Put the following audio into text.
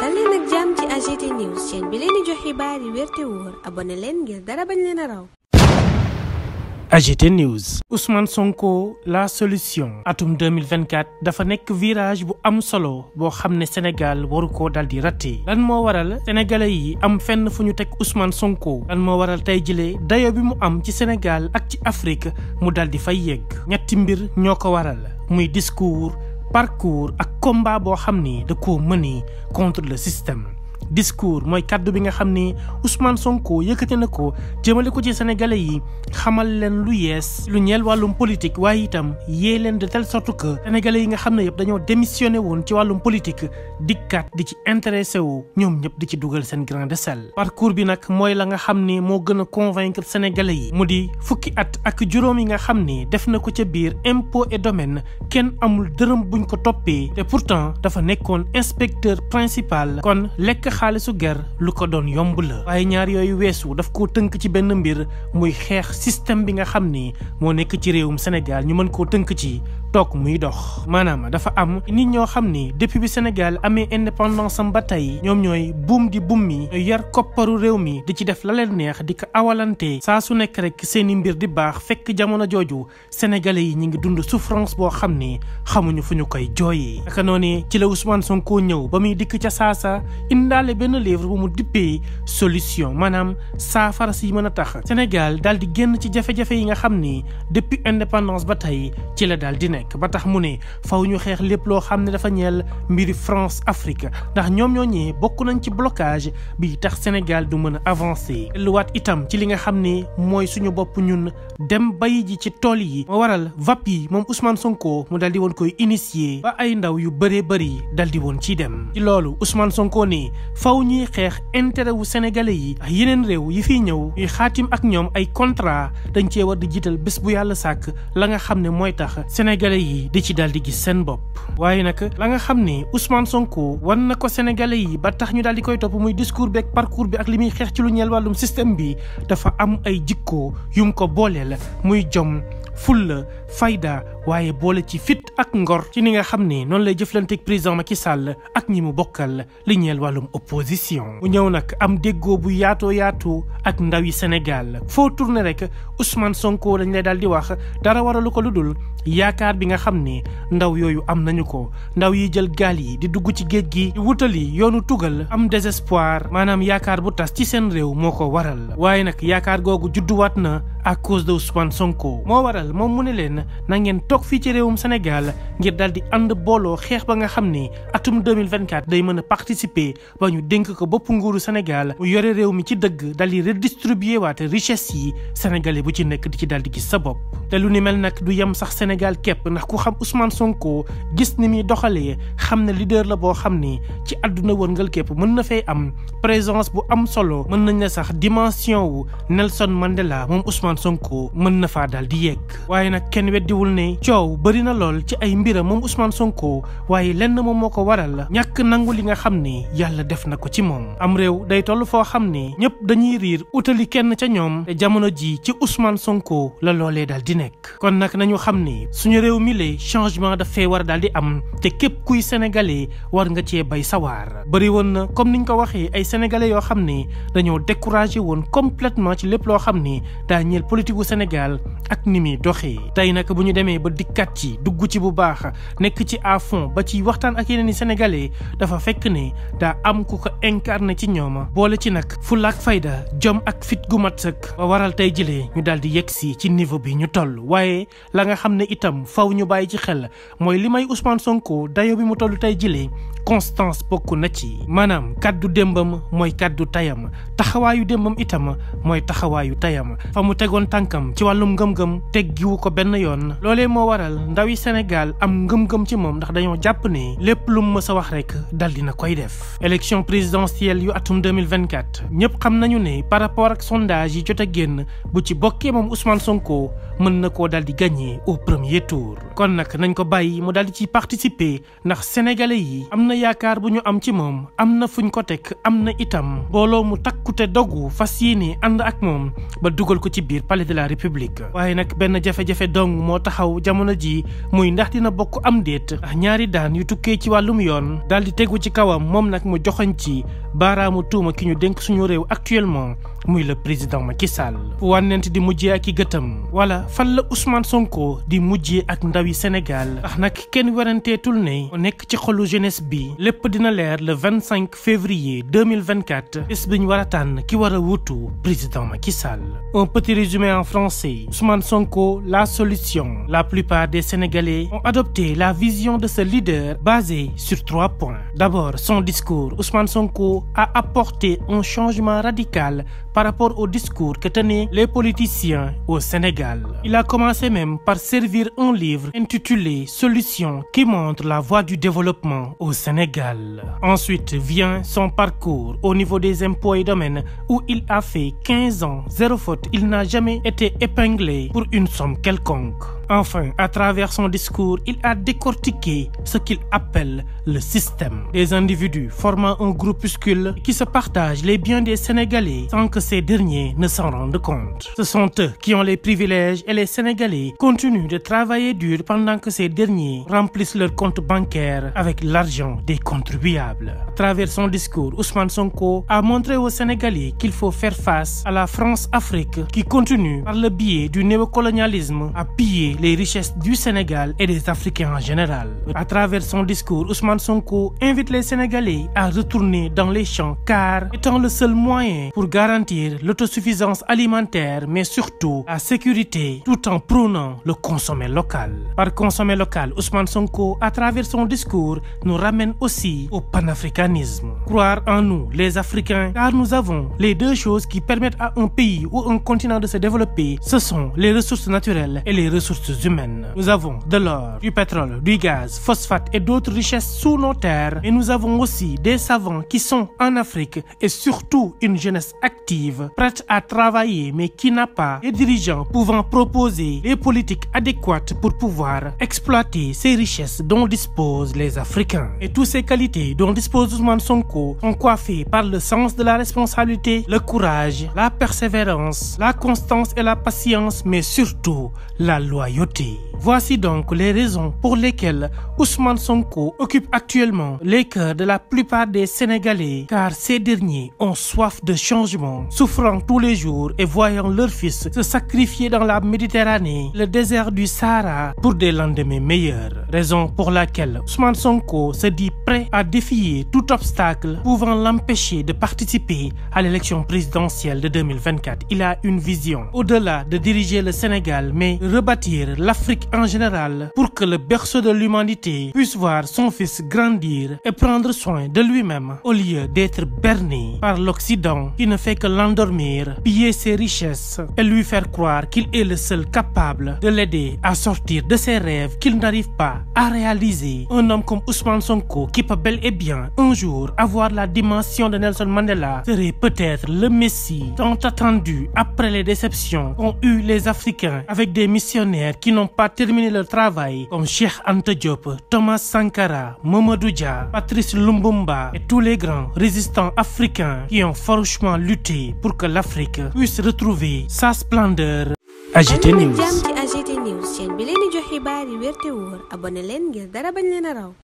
dal leen ak jàmm ci AGT news chaîne bi leen di jox Sonko la solution atum dafa nekk virage bu am solo boo xam ne Sénégal waru ko dal di raté lan moo waral sénégalais yi am fenn fu ñu teg usman Sonko lan moo waral tey jëlee dayo bi mu am ci Sénégal ak ci Afrique mu dal di fay yegg ñetti mbir ñoo ko waral muy discours parcours ak combat boo xam ni da mën mëni contre le système discours mooy kàddu bi nga xam ni usman Sonko yëkkate na ko jëmale ko ci sénégalais yi xamal leen lu yees lu ñeel wàllum politique waaye itam yee leen de telle sorte que sénégalais yi nga xam ne yëpp dañoo démissionné woon ci wàllum politique dikkat di ci intéressé wu ñoom ñëpp di ci dugal seen grande de sel. parcours bi nag mooy la nga xam ni moo gën a convaincre sénégalais yi mu di fukki at ak juróom yi nga xam ni def na ko ca biir impôt et domaine kenn amul dërëm buñ ko toppee te pourtant dafa nekkoon inspecteur principal kon lekk xaalisu ger lu ko doon yomb la waaye ñaar yooyu weesu daf koo tënk ci benn mbir muy xeex système bi nga xam ni moo nekk ci réewum Sénégal ñu mën koo tënk ci toog muy dox maanaam dafa am nit ñoo xam ni depuis bi Sénégal amee indépendance am ba tey ñoom ñooy buum di buum mi yar kopparu réew mi di ci def la leen neex di ko awalante saa su nekk rek seeni mbir di baax fekk jamono jooju sénégalais yi ñu ngi dund souffrance boo xam ni xamuñu fu ñu koy jooyee. naka noonu ci la Ousmane koo ñëw ba muy dikk ca saa saasa indaale benn livre bu mu dippee solution maanaam saafara si mën a tax Sénégal daal di génn ci jafe yi nga xam ni depuis indépendance ba tey ci la daal di nekk. nekk ba tax mu ne faw ñu xeex lép loo xam ne dafa ñeel mbiri France Afrique ndax ñoom ñoo ñee bokk nañ ci blocage bi tax Sénégal du mën a avancer. luwaat itam ci li nga xam ne mooy suñu bopp ñun dem bay ji ci tool yi moo waral VAP yi moom Ousmane Sonko mu dal di woon koy initier ba ay ndaw yu bëree bëri dal di woon ciy dem. ci loolu Ousmane Sonko ne faw ñuy xeex intérêt wu sénégalais yi ak yeneen réew yi fiy ñëw ñuy xaatim ak ñoom ay contrat dañ cee war di jiital bés la sénégalais yi di ci daal di gis seen bopp waaye nag la nga xam ne usman Sonko wan na ko sénégalais yi ba tax ñu daal di koy topp muy discours beeg parcours bi ak li muy xeex ci lu ñeel wàllum système bi dafa am ay jikko yum ko booleel muy jom fulla fayda waaye boole ci fit ak ngor ci ni nga xam ne noonu lay jëflanteeg ma Macky sàll ak ñi mu bokkal li ñeel wàllum opposition mu ñëw nag am déggoo bu yaatoo yaatu ak ndaw yi Sénégal foo tourné rek usman Sonko dañ lay daal di wax xalaat bi nga xam ni ndaw yooyu am nañu ko ndaw yi jël gaal yi di dugg ci géej gi wutali yoonu tugal am désespoir maanaam yaakaar bu tas ci seen réew moo ko waral waaye nag yaakaar googu judduwaat na à cause de Ousmane Sonko moo waral moom mu ne leen na ngeen toog fii ci réewum Sénégal ngir daal di ànd booloo xeex ba nga xam ni atum 2024 day mën a participer ba ñu dénk ko bopp nguuru Sénégal mu yore réew mi ci dëgg daal di redistribuer waate richesse yi sénégalais bu ci nekk di ci daal di gis sa bopp te lu ni mel nag du yem sax Sénégal képp ñëpp ndax ku xam Ousmane Sonko gis ni muy doxalee xam ne leader la boo xam ni ci àdduna wërngal képp mën na fay am présence bu am solo mën nañ ne sax dimension wu Nelson Mandela moom Ousmane Sonko mën na faa dal di yegg. waaye nag kenn weddiwul ne coow bari na lool ci ay mbiram moom Ousmane Sonko waaye lenn moom moo ko waral ñàkk nangu li nga xam ni yàlla def na ko ci moom am réew day toll foo xam ne ñëpp dañuy riir utali kenn ca ñoom te jamono ji ci Ousmane Sonko la loolee daal di nekk réew mi le changement dafay a te képp kuy sénégalais war nga cee bay sawaar bëri woon na comme niñ ko waxee ay sénégalais yoo xam ne dañoo découragé woon complètement ci lépp loo xam ne daa ñeel politique wu Sénégal ak ni muy doxee tey nag bu ñu demee ba dikkat ci dugg ci bu baax nekk ci à fond ba ci waxtaan ak yeneen i sénégalais dafa fekk ne daa am ku ko incarné ci ñooma boole ci nag fulla ak fayda jom ak fit gu mat sëkk waral tey jëlee ñu daal di yegg ci niveau bi ñu toll waaye la nga xam ne itam faw faaw ñu bàyyi ci xel mooy li may Ousmane Sonko dayo bi mu toll tey jilee constance bokk na ci maanaam kàddu démbam mooy kàddu tayam taxawaayu démbam itam mooy taxawaayu tayam fa mu tegoon tànkam ci wàllum ngëm-ngëm teggiwu ko benn yoon loolee moo waral ndawi Sénégal am ngëm-ngëm ci moom ndax dañoo jàpp ne lépp lu mu mës a wax rek dal dina koy def élection présidentielle yu atum 2024 ñëpp xam nañu ne par rapport ak sondage yi jot a génn bu ci bokkee moom Ousmane Sonko mën na koo dal Diour kon nag nañ ko bàyyi mu daal di ci participer ndax sénégalais yi am na yaakaar bu ñu am ci moom am na ñu ko teg am na itam mbooloo mu takkute dogu fas yéene ànd ak moom ba dugal ko ci biir palais de la république waaye nag benn jafe-jafe dong moo taxaw jamono ji muy ndax dina bokk am déet ndax ñaari daan yu tukkee ci wàllum yoon daal di tegu ci kawam moom nag mu joxoñ ci baaraamu tuuma ki ñu dénk suñu réew actuellement muy le président Macky Sall wànnent di mujjee ak i gëtam ndawi Sénégal ax nag kenn weranteetul ne nekk ci xolu jeunesse bi lépp dina leer le 25 février 2024 bés bi war a tànn ki a wutu président Macky Sall un petit résumé en français Ousmane Sonko la solution la plupart des Sénégalais ont adopté la vision de ce leader basée sur trois points d'abord son discours Ousmane Sonko a apporté un changement radical par rapport au discours que tenaient les politiciens au Sénégal il a commencé même par servir un livre livre intitulé Solutions qui montre la voie du développement au Sénégal. Ensuite vient son parcours au niveau des impôts et domaines où il a fait 15 ans, zéro faute. Il n'a jamais été épinglé pour une somme quelconque. Enfin, à travers son discours, il a décortiqué ce qu'il appelle le système des individus formant un groupuscule qui se partage les biens des Sénégalais sans que ces derniers ne s'en rendent compte. Ce sont eux qui ont les privilèges et les Sénégalais continuent de travailler dur pendant que ces derniers remplissent leurs comptes bancaires avec l'argent des contribuables. À travers son discours, Ousmane Sonko a montré aux Sénégalais qu'il faut faire face à la France-Afrique qui continue le biais du néocolonialisme à les richesses du Sénégal et des Africains en général. À travers son discours, son Sonko invite les Sénégalais à retourner dans les champs car étant le seul moyen pour garantir l'autosuffisance alimentaire mais surtout à sécurité tout en prônant le consommer local. Par consommer local, Ousmane Sonko à travers son discours nous ramène aussi au panafricanisme. Croire en nous les Africains car nous avons les deux choses qui permettent à un pays ou un continent ressources humaines. Nous avons de l'or, du pétrole, du gaz, phosphate et d'autres richesses sous nos terres. Et nous avons aussi des savants qui sont en Afrique et surtout une jeunesse active, prête à travailler mais qui n'a pas, et dirigeants pouvant proposer les politiques adéquates pour pouvoir exploiter ces richesses dont disposent les Africains. Et toutes ces qualités dont dispose Ousmane Sonko sont coiffées par le sens de la responsabilité, le courage, la persévérance, la constance et la patience, mais surtout la yote. Voici donc les raisons pour lesquelles Ousmane Sonko occupe actuellement les cœurs de la plupart des Sénégalais car ces derniers ont soif de changement, souffrant tous les jours et voyant leur fils se sacrifier dans la Méditerranée, le désert du Sahara pour des lendemains meilleurs. Raison pour laquelle Ousmane Sonko se dit prêt à défier tout obstacle pouvant l'empêcher de participer à l'élection présidentielle de 2024. Il a une vision au-delà de diriger le Sénégal mais l'Afrique en général pour que le berceau de l'humanité puisse voir son fils grandir et prendre soin de lui-même au lieu d'être berné par l'Occident qui ne fait que l'endormir, piller ses richesses et lui faire croire qu'il est le seul capable de l'aider à sortir de ses rêves qu'il n'arrive pas à réaliser. Un homme comme Ousmane Sonko qui peut bel et bien un jour avoir la dimension de Nelson Mandela serait peut-être le messie tant attendu après les déceptions terminé leur travail comme Cheikh Anta Diop, Thomas Sankara, Mamadou Dia, Patrice Lumumba et tous les grands résistants africains qui ont farouchement lutté pour que l'Afrique puisse retrouver sa splendeur. AGT News. jàmm ci AGT News chaîne bi leen di a